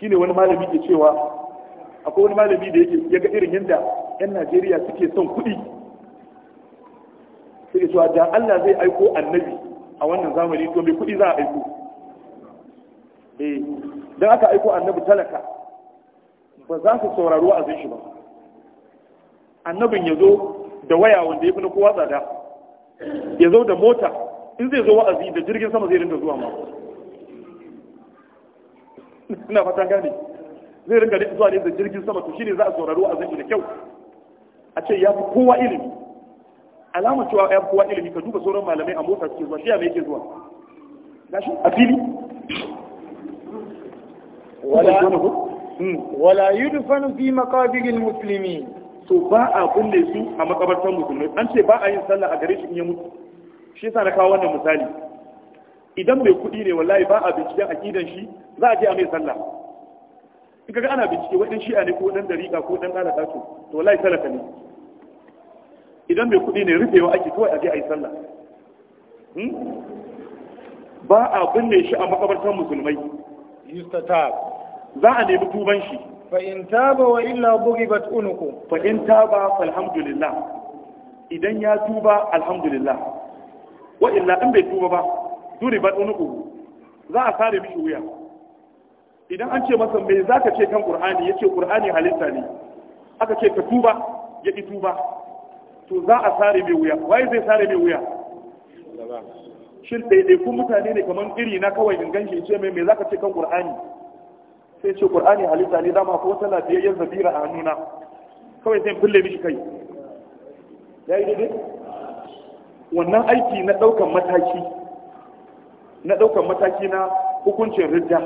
shine wani malami ke cewa akwai wani malami da yake yaga ga irin yadda 'yan Najeriya suke son kuɗi sai cewa da Allah zai aiko annabi a wannan zamani to mai kuɗi za a aiko eh dan aka aiko annabi talaka ba za su saurari zai shi ba annabin ya zo da waya wanda ya fi na kowa tsada ya zo da mota in zai zo wa'azi da jirgin sama zai rinka zuwa ma ina fata gane zai rinka zuwa ne da jirgin sama to shine za a saurari wa'azin shi da kyau a ce ya fi kowa ilimi alamar cewa ya kowa ilimi ka duba sauran malamai a mota suke zuwa shi mai ke zuwa gashi a fili wala hmm. yudfanu fi makabirin musulmi. to ba a kulle su a makabartar musulmi. an ce ba a yin sallah a gare shi in ya mutu shi yasa na kawo wannan misali idan mai kuɗi ne wallahi ba a binciken akidan shi za a je a mai sallah in kaga ana bincike wadan shi'a ne ko dan dariƙa ko dan ƙara to wallahi talaka ne idan mai kuɗi ne rufewa ake kawai aje a yi sallah hmm? ba a binne shi a makabartar musulmai za a nemi tuban shi fa in taba wa illa bat unuku fa in taba alhamdulillah idan ya tuba alhamdulillah wa illa in bai tuba ba bat unuku za a sare mishi wuya idan an ce masa me zaka ce kan qur'ani yace qur'ani halitta ne aka ce ka tuba ya ki tuba to za a sare mai wuya waye zai sare mai wuya shin ku mutane ne kamar iri na kawai in ganshi ce mai me zaka ce kan qur'ani sai ce qur'ani halitta ne dama ko wata lafiyayyar zabira a hannuna kawai sai fulle mishi kai yayi daidai wannan aiki na ɗaukan mataki na ɗaukan mataki na hukuncin rijiya.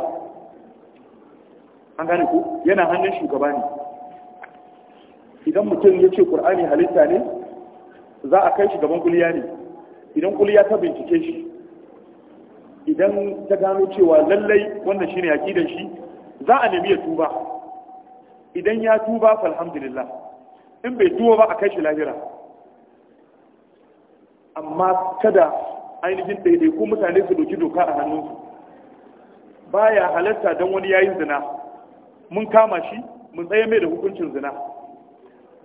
an gane ku yana hannun shugaba ne idan mutum ya ce ƙur'ani halitta ne za a kai shi gaban kuliya ne idan kuliya ta bincike shi idan ta gano cewa lallai wannan shine aƙidan shi za a nemi ya tuba idan ya tuba alhamdulillah in bai tuba ba a kai shi lahira amma kada ainihin ko mutane su doki doka a hannunsu baya halatta don wani yayin zina mun kama shi mun tsaye mai da hukuncin zina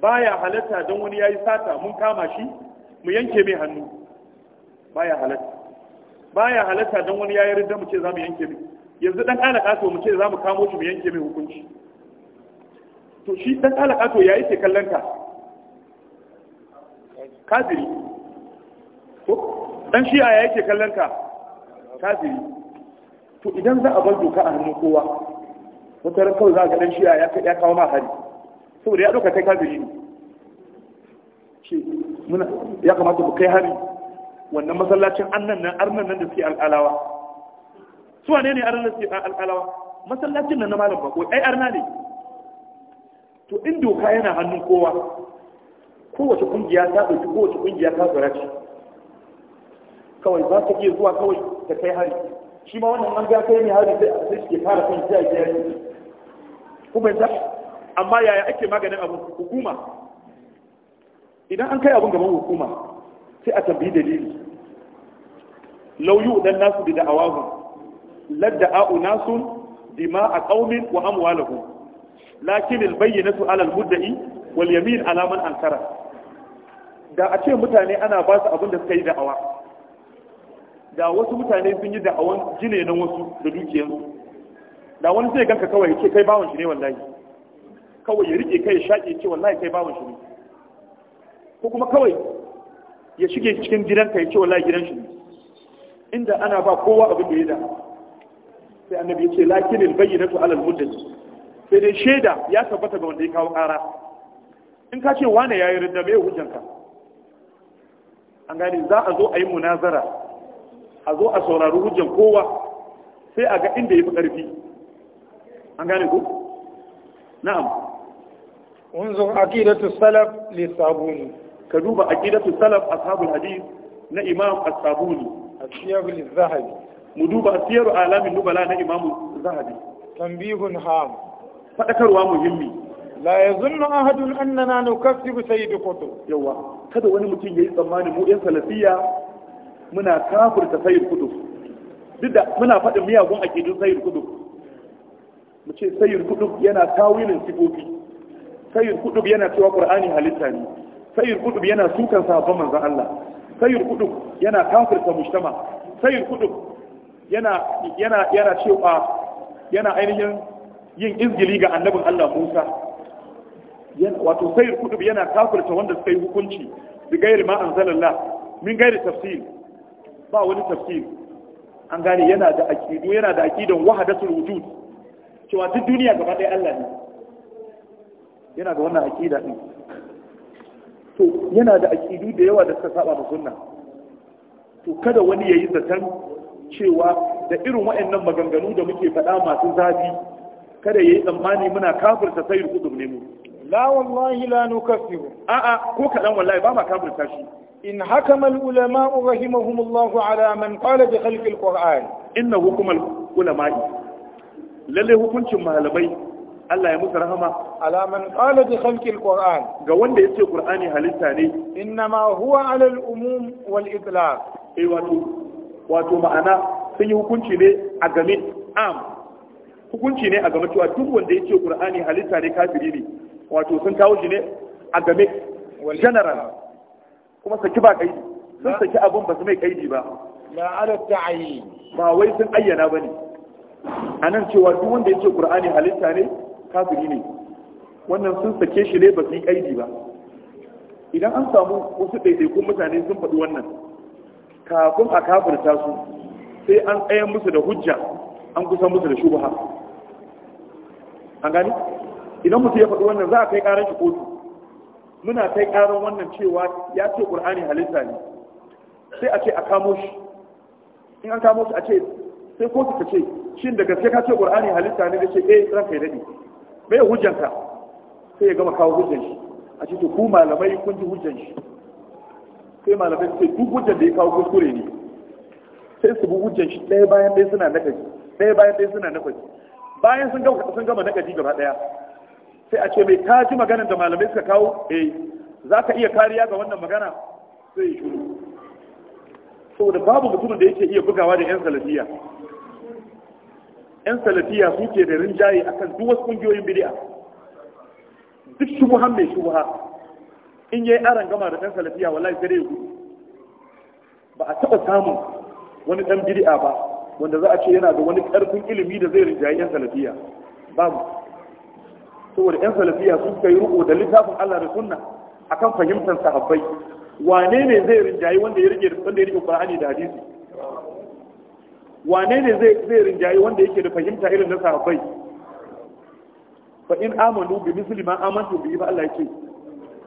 baya halatta don wani yayi sata mun kama shi mu yanke mai hannu baya halatta baya halatta don wani yayi ridda mu ce za mu yanke mai yanzu dan alaka to mu ce za mu kamo shi mu yanke mai hukunci to shi dan alaka to yi ke kallon ka kafiri ko dan shi ya yake kallon ka kafiri to idan za a bar doka a hannun kowa wata ran za ga dan shi ya ya kawo ma hari saboda ya ɗauka kai kafiri ne shi muna ya kamata mu kai hari wannan masallacin annan nan arnan nan da suke al'alawa su wane ne arnan da suke al'alawa masallacin nan na malam bako ai arna ne to in doka yana hannun kowa kowace kungiya ta ɗauki kowace kungiya ta tsara ce kawai za ta iya zuwa kawai ta kai hari shi ma wannan an ga kai ne hari sai suke fara kan jiya jiya kuma yanzu amma yaya ake maganin abin hukuma idan an kai abin gaban hukuma sai a tambayi dalili lauyu dan nasu bi da'awahu ladda a'u dima a qaumin wa amwalahum lakin albayyinatu ala almudda'i wal yamin ala man ankara da a ce mutane ana ba su abin da suka yi da'awa da wasu mutane sun yi da'awan jine na wasu da dukiyarsu da wani zai ganka kawai ce kai bawon shi ne wallahi kawai ya rike kai ya shaƙe ce wallahi kai bawan shi ne ko kuma kawai ya shige cikin gidanka ya ce wallahi gidan shi ne inda ana ba kowa abin da ya da sai annabi ya ce lakin albayyinatu ala almuddati sai dai shaida ya tabbata ga wanda ya kawo ƙara in ka ce wane yayi ridda me hujjanka an gane za a zo a yi munazara a zo a saurari hujjan kowa sai a ga inda ya fi ƙarfi an gane ku na'am unzur aqidatu salaf li sabuni ka duba aqidatu salaf ashabul hadith na imam as-sabuni asiyar zahabi mu duba asiyar alamin nubala na imam zahabi tambihun ham fadakarwa muhimmi la yazunnu ahadun annana nukazzibu sayyid qutb yawa kada wani mutum yayi tsammani mu yan salafiya muna kafirta sayyid duk da muna faɗin miyagun aqidun sayar qutb mu ce sayar qutb yana tawilin sifofi sayyid kudub yana cewa qur'ani halitta ne sayyid kudub yana sukan sahabban manzon Allah sayyid kudub yana kafirta mujtama sayyid kudub yana yana yana cewa yana ainihin yin izgili ga annabin Allah Musa wato sayyid kudub yana kafirta wanda suka yi hukunci bi gairi ma anzalallah min gairi tafsir ba wani tafsir an gane yana da aqidu yana da aqidan wahdatul wujud cewa duk duniya gaba ɗaya Allah ne yana da wannan aƙida ɗin to yana da aƙidu da yawa da suka saba da sunna to kada wani ya yi zaton cewa da irin waɗannan maganganu da muke faɗa masu zafi kada ya yi tsammani muna kafirta sayar kudum ne mu la wallahi la nukaffiru a'a ko kaɗan wallahi ba ma kafirta shi in hakama al-ulama rahimahumullahu ala man qala bi khalqi al-qur'an innahu hukumal ulama'i lalle hukuncin malamai Allah ya musu rahama alaman qala bi khalqil qur'an ga wanda yace qur'ani halitta ne innama huwa ala al umum wal itlaq eh wato wato ma'ana sun yi hukunci ne a game am hukunci ne a game cewa duk wanda yace qur'ani halitta ne kafiri ne wato sun kawo shi ne a game general kuma saki ba kaidi sun saki abun ba su mai kaidi ba la ala ta'ayyin ba wai sun ayyana bane anan cewa duk wanda yace qur'ani halitta ne kafiri ne wannan sun sake shi ne ba su yi kaidi ba idan an samu wasu ɗaiɗaikun mutane sun faɗi wannan kafin a kafirta su sai an tsaya musu da hujja an kusa musu da shubaha an gani idan mutum ya faɗi wannan za a kai ƙarar shi kotu muna kai ƙarar wannan cewa ya ce ƙur'ani halitta ne sai a ce a kamo shi in an kamo shi a ce sai kotu ta ce shin da gaske ka ce ƙur'ani halitta ne da ce eh ranka ya daɗe mai hujjanta sai ya gama kawo hujjan shi a ce ku malamai kun ji hujjan shi sai malamai sai duk hujjan da ya kawo kuskure ne sai su bu hujjan shi ɗaya bayan ɗaya suna nakaji ɗaya bayan ɗaya suna nakaji bayan sun gama sun gama nakaji gaba ɗaya sai a ce mai ka ji maganar da malamai suka kawo eh za ka iya kariya ga wannan magana sai ya shuru saboda babu mutumin da yake iya bugawa da 'yan salafiya yan salafiya suke da rinjaye a kan duwas kungiyoyin bidiya duk shubuhan mai shubuha in yayi aron gama da ɗan salafiya wallahi sai dai gudu ba a taɓa samun wani ɗan bidiya ba wanda za a ce yana da wani ƙarfin ilimi da zai rinjaye yan salafiya babu saboda yan salafiya sun kai riko da littafin Allah da sunna akan fahimtar sahabbai wane ne zai rinjaye wanda ya rike wanda ya rike Qur'ani da hadisi wane ne zai zai rinjaye wanda yake da fahimta irin na sahabbai fa in amanu bi misli ma amantu bi ba Allah yake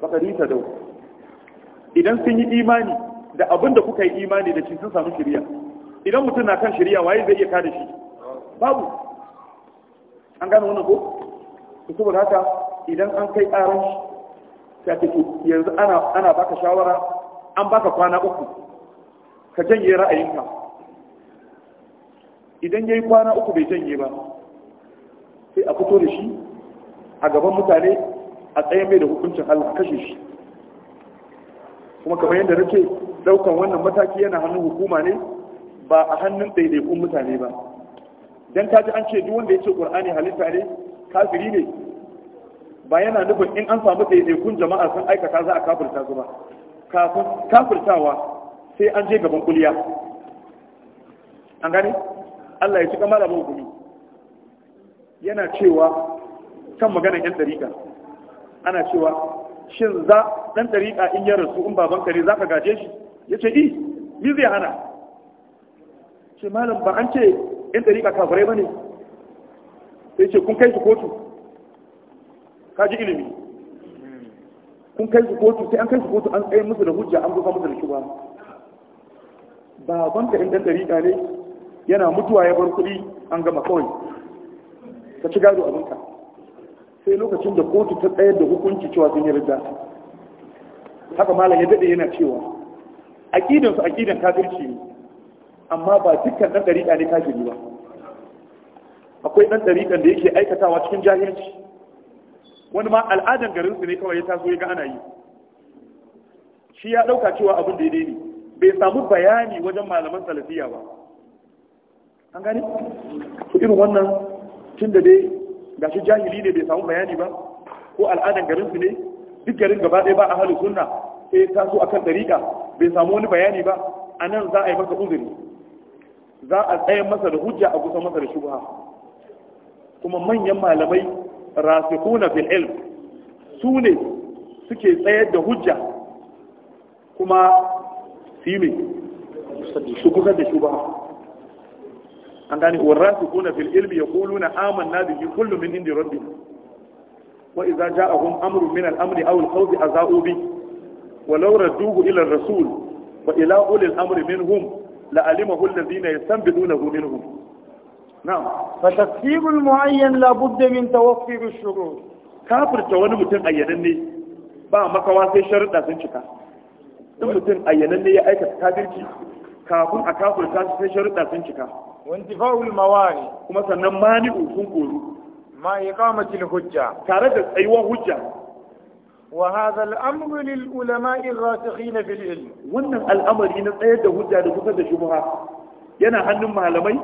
fa ta dau idan sun yi imani da abin da kuka yi imani da shi sun samu shari'a idan mutum na kan shari'a waye zai iya kada shi babu an gane wannan ko to saboda haka idan an kai karan shi sai yanzu ana ana baka shawara an baka kwana uku ka janye ra'ayinka idan ya yi kwana uku bai janye ba sai a fito da shi a gaban mutane a tsaye mai da hukuncin allah kashe shi kuma kamar yadda nake daukan wannan mataki yana hannun hukuma ne ba a hannun ɗaiɗaikun mutane ba dan kaji an ce duk wanda ya ce ƙur'ani halitta ne kafiri ne ba yana nufin in an samu ɗaiɗaikun jama'a sun aikata za a kafirta su ba kafin kafirtawa sai an je gaban kuliya an gane Allah ya ci kamar abu gumi yana cewa kan maganar yan dariƙa ana cewa shin za ɗan dariƙa in yi rasu in babanka ne za ka gaje shi ya ce i eh, ni zai hana ce malam ba an ce yan dariƙa kafirai ba ne sai ce kun kai su kotu ka ji ilimi kun kai su kotu sai an kai su kotu an tsaye musu da hujja an buga musu da ba. babanka in ɗan dariƙa ne yana mutuwa ya bar kuɗi an gama kawai ka ci gado abinka sai lokacin da kotu ta tsayar da hukunci cewa sun yi rida haka malam ya daɗe yana cewa aƙidansu aƙidan kafirci ne amma ba dukkan ɗan ɗariƙa ne kafiri ba akwai ɗan ɗariƙan da yake aikatawa cikin jahilci wani ma al'adan garinsu ne kawai ya taso ya ga ana yi shi ya ɗauka cewa abin da daidai ne bai samu bayani wajen malaman salafiya ba an gani su irin wannan tun da dai gashi jahili ne bai samu bayani ba ko al'adar garin su ne duk garin gaba ɗaya ba a halin sunna sai ta so kan tariƙa bai samu wani bayani ba a nan za a yi masa uzuri za a tsaye masa da hujja a kusa masa da shubha kuma manyan malamai rasikuna fil ilm su ne suke tsayar da hujja kuma su yi mai su kusa da shubha an gane warasikuna fil ilmi yaquluna amanna bihi kullu min indi rabbina wa idza ja'ahum amrun min al-amri aw al-khawfi aza'u bi wa law radduhu ila ar-rasul wa ila uli al-amri minhum la'alimahu alladhina yastanbidunahu minhum na'am fa tafsir al-mu'ayyan la budda min tawaffir ash-shurut kafirta wani mutum ayyadanne ba makawa sai sharuɗa sun cika in mutum ayyadanne ya aikata kafirci kafin a kafirta sai sharuɗa sun cika wantifa'ul mawani kuma sannan mani'u sun koru ma iqamatil hujja tare da tsayuwar hujja wa hadha al-amru lil ulama'i ar-rasikhin fil ilm wannan al'amari na tsayar da hujja da kusa da shubha yana hannun malamai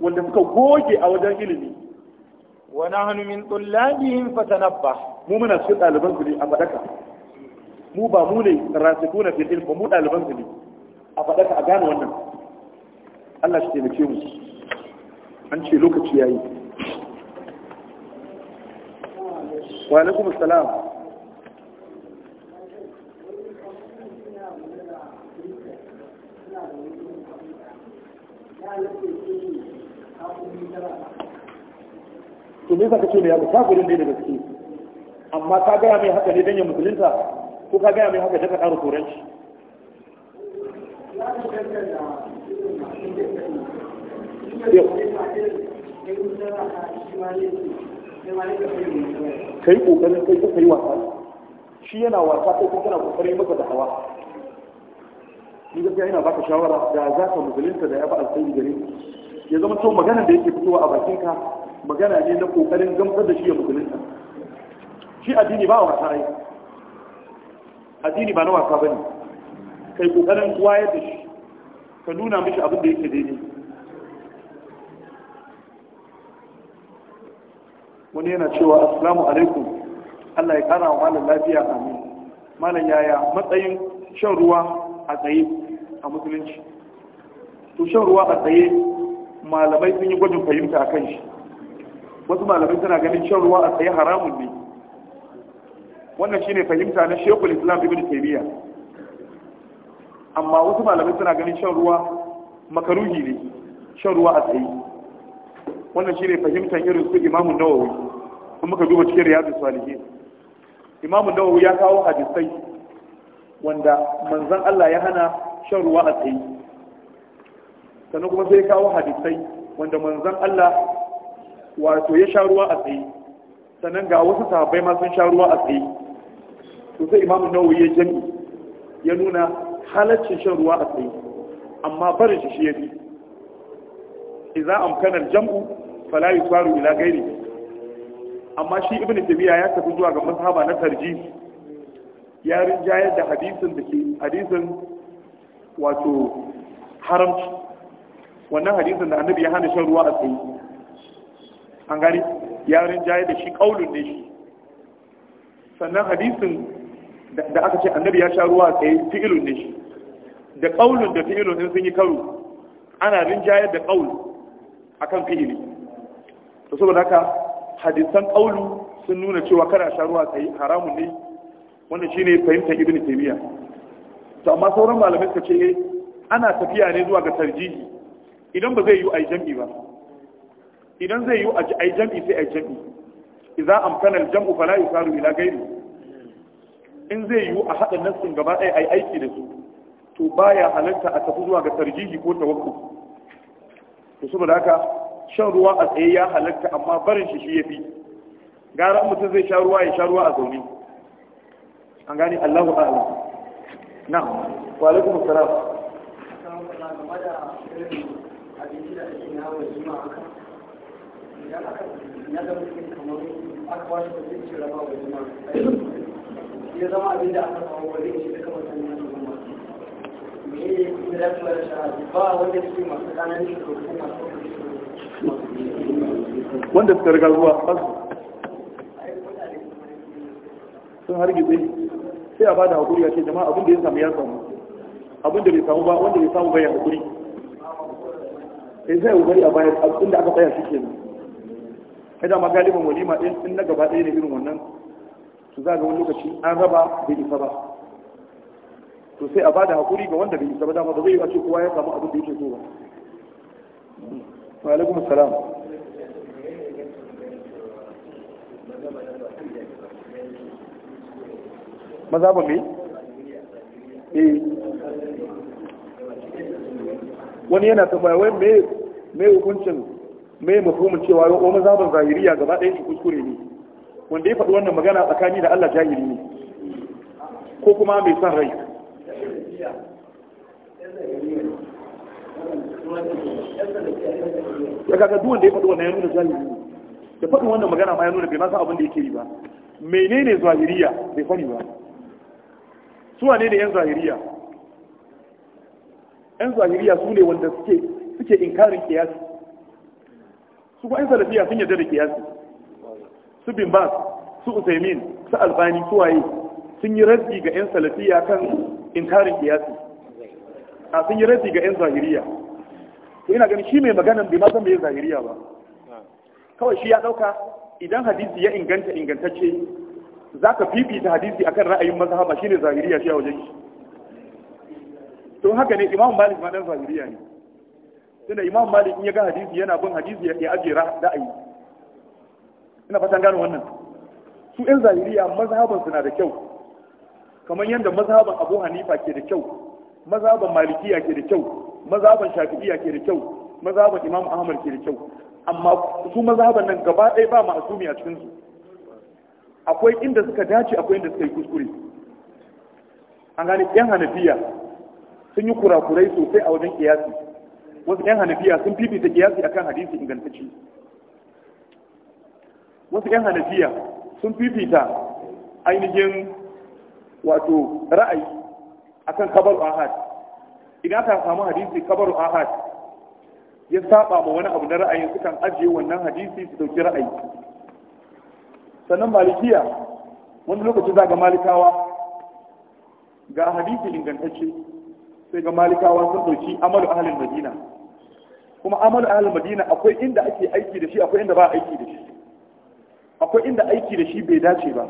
wanda suka goge a wajen ilimi wa nahnu min tullabihim fatanabbah mu muna cikin ɗaliban su ne a fadaka mu ba mu ne rasikuna fil ilm ba mu ɗaliban su ne a fadaka a gane wannan Allah shi taimake mu an ce lokaci yayi wa alaikum assalam to ne zaka ce ne ya ka gurin ne da gaske amma ka gaya mai haka ne don ya musulunta ko ka gaya mai haka da ka ƙara koranci kai kokarin kai kuka yi wasa shi yana wasa kai kuka na kokarin maka da hawa ni gaskiya yana baka shawara da za ka musulunta da ya ba alkhairi gare ya zama to magana da yake fitowa a bakinka magana ne na kokarin gamsar da shi ya musulunta shi addini ba wasa ai addini ba na wasa bane kai kokarin wayar da shi ka nuna mishi abin da yake daidai wani yana cewa assalamu alaikum Allah ya kara wa malam lafiya amin malam yaya matsayin shan ruwa a tsaye a musulunci to shan ruwa a tsaye malamai sun yi gwajin fahimta a kan shi wasu malamai suna ganin shan ruwa a tsaye haramun ne wannan shine fahimta na shekul islam ibn taymiya amma wasu malamai suna ganin shan ruwa makaruhi ne shan ruwa a tsaye wannan shine fahimtar irin su imamu nawawi sun muka duba cikin riyadu salihin imamu nawawi ya kawo hadisai wanda manzan Allah ya hana shan ruwa a tsaye sannan kuma sai ya kawo hadisai wanda manzan Allah wato ya sha ruwa a tsaye sannan ga wasu sahabbai ma sun sha ruwa a tsaye to sai imamu nawawi ya jami ya nuna halaccin shan ruwa a tsaye amma barin shi shi ya bi idza amkana jamu fala yusaru ila ghairihi amma shi ibn tabiya ya tafi zuwa ga mazhaba na tarji ya rinjaye da hadisin da ke hadisin wato haramci wannan hadisin da annabi ya hana shan ruwa a tsaye an gani ya rinjaye da shi kaulun ne shi sannan hadisin da aka ce annabi ya sha ruwa a tsaye fi'ilun ne shi da kaulun da fi'ilun din sun yi karo ana rinjaye da kaul akan fi'ili to saboda haka hadisan ƙaulu sun nuna cewa kada sha ruwa tsaye haramun ne wanda shi ne fahimtar ibn taymiya to amma sauran malamai suka ce eh, ana tafiya ne zuwa ga tarjihi idan ba zai yi ai jam'i ba idan zai yi ai jam'i sai ai jam'i idan amkana al jam'u fala yusaru ila ghairi in zai yi a hada nassin gaba ɗaya ai aiki da su to baya halarta a tafi zuwa ga tarjihi ko tawakkuf to saboda haka shan ruwa a tsaye ya halatta amma barin shi shi ya fi gara mutum zai sha ruwa ya sha ruwa a zaune an gani allahu a'ala na walaikum assalam ya zama abin da aka kawo wani shi duka mutane na al'umma me ya yi da ya fi ba wanda suke masu tsananin kuma masu wanda suka riga zuwa ba sun hargitse sai a ba da haƙuri a ce jama'a abinda ya samu ya samu abinda bai samu ba wanda bai samu ba ya haƙuri sai zai wuzari a bayan abin da aka tsaya shi ke nan da dama galiban walima ɗin in na gaba ɗaya ne irin wannan su za ga wani lokaci an raba bai isa ba to sai a ba da haƙuri ga wanda bai isa ba dama ba zai yi a ce kowa ya samu abin da yake so ba wa alaikum salam maza ba mai? eh wani yana tambaya wai mai hukuncin mai mafumin cewa yau maza ban zahiriya gaba ɗaya shi kuskure ne wanda ya faɗi wannan magana tsakani da Allah jahiri ne ko kuma mai son rai ya kaga duwanda ya faɗi wannan ya nuna jahiri ne da faɗin wannan magana ma ya nuna bai masa abin da yake yi ba menene zahiriya bai fari ba su wane ne yan zahiriya yan zahiriya su ne wanda suke suke inkarin kiyasi su ba yan salafiya sun yarda da kiyasi su bin ba su usaimin su albani su waye sun yi raddi ga yan salafiya kan inkarin kiyasi a sun yi raddi ga yan zahiriya to ina ganin shi mai maganan bai masan san bai zahiriya ba kawai shi ya ɗauka idan hadisi ya inganta ingantacce za ka fifita hadisi akan ra'ayin mazhaba shine zahiriya shi a wajen shi to haka ne imam malik ma dan zahiriya ne tunda imam malik in ya ga hadisi yana bin hadisi ya ajiye ra'ayi ina fatan gano wannan su yan zahiriya mazhaban suna da kyau kamar yadda mazhaban abu hanifa ke da kyau mazhaban malikiya ke da kyau mazhaban shafi'iya ke da kyau mazhaban imam ahmad ke da kyau amma su mazhaban nan gaba ɗaya ba ma'asumi a cikin su akwai inda suka dace akwai inda suka yi kuskure an gane yan hanafiya sun yi kurakurai sosai a wajen kiyasi wasu yan hanafiya sun fifita kiyasi akan hadisi ingantacce wasu yan hanafiya sun fifita ainihin wato ra'ayi akan kabaru ahad idan aka samu hadisi kabaru ahad ya saba ma wani abu na ra'ayi sukan ajiye wannan hadisi su dauki ra'ayi sannan malikiya wani lokaci za ga malikawa ga hadisi ingantacce sai ga malikawa sun dauki amalu ahalin madina kuma amalu ahalin madina akwai inda ake aiki da shi akwai inda ba aiki da shi akwai inda aiki da shi bai dace ba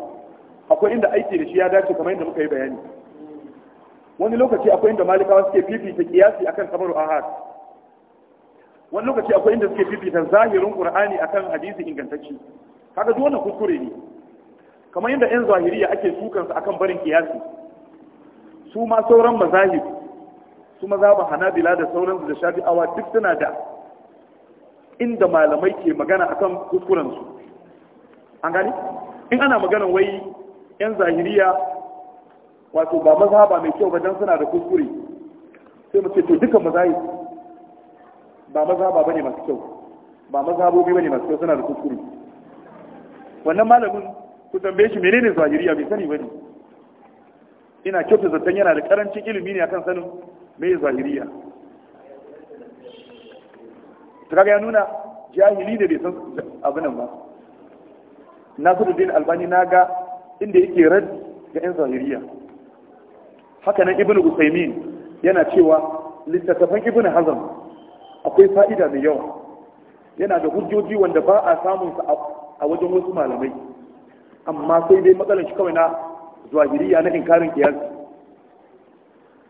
akwai inda aiki da shi ya dace kamar yadda muka yi bayani wani lokaci akwai inda malikawa suke fifita kiyasi akan kamaru ahad wani lokaci akwai inda suke fifita zahirin a akan hadisi ingantacci. kaga zuwa wannan kuskure ne kamar yadda yan zahiriya ake sukansu a akan barin kiyasi su ma sauran mazahi, su mazhaban hanabila da sauran da shafi'awa duk suna da inda malamai ke magana akan kuskuren su an gani in ana maganan wai yan zahiriya wato ba ba mai kyau ba don suna da kuskure sai mace to duka mazahi. ba mazhaba bane masu kyau ba mazhabobi bane masu kyau suna da kuskure wannan malamin ku tambaye shi menene zahiriya bai sani bane ina kyautu zaton yana da karancin ilimi ne akan sanin me zahiriya ta kaga ya nuna jahili da bai san abinan ba nasiruddin albani na ga inda yake rad ga yan zahiriya haka nan ibnu yana cewa littattafan Ibn hazm akwai fa'ida mai yawa yana da hujjoji wanda ba a samun sa a wajen wasu malamai amma sai dai matsalar shi kawai na zahiriya na inkarin kiyasi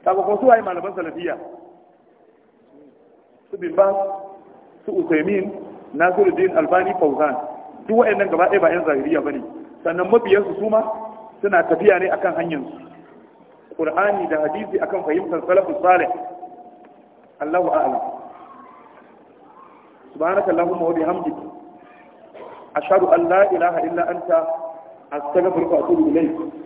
kaga su waye malaman salafiya su bin ba su usaimin nasiruddin albani fauzan duk waɗannan gaba ɗaya ba zahiriya zahiriya ne. sannan mabiyansu su ma suna tafiya ne akan hanyar su qur'ani da hadisi akan fahimtar salafus salih Allahu a'lam subhanaka allahumma wa bihamdik ashhadu an la ilaha illa anta astaghfiruka wa atubu ilayk